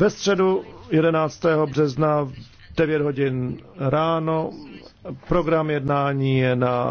Ve středu 11. března v 9 hodin ráno program jednání je na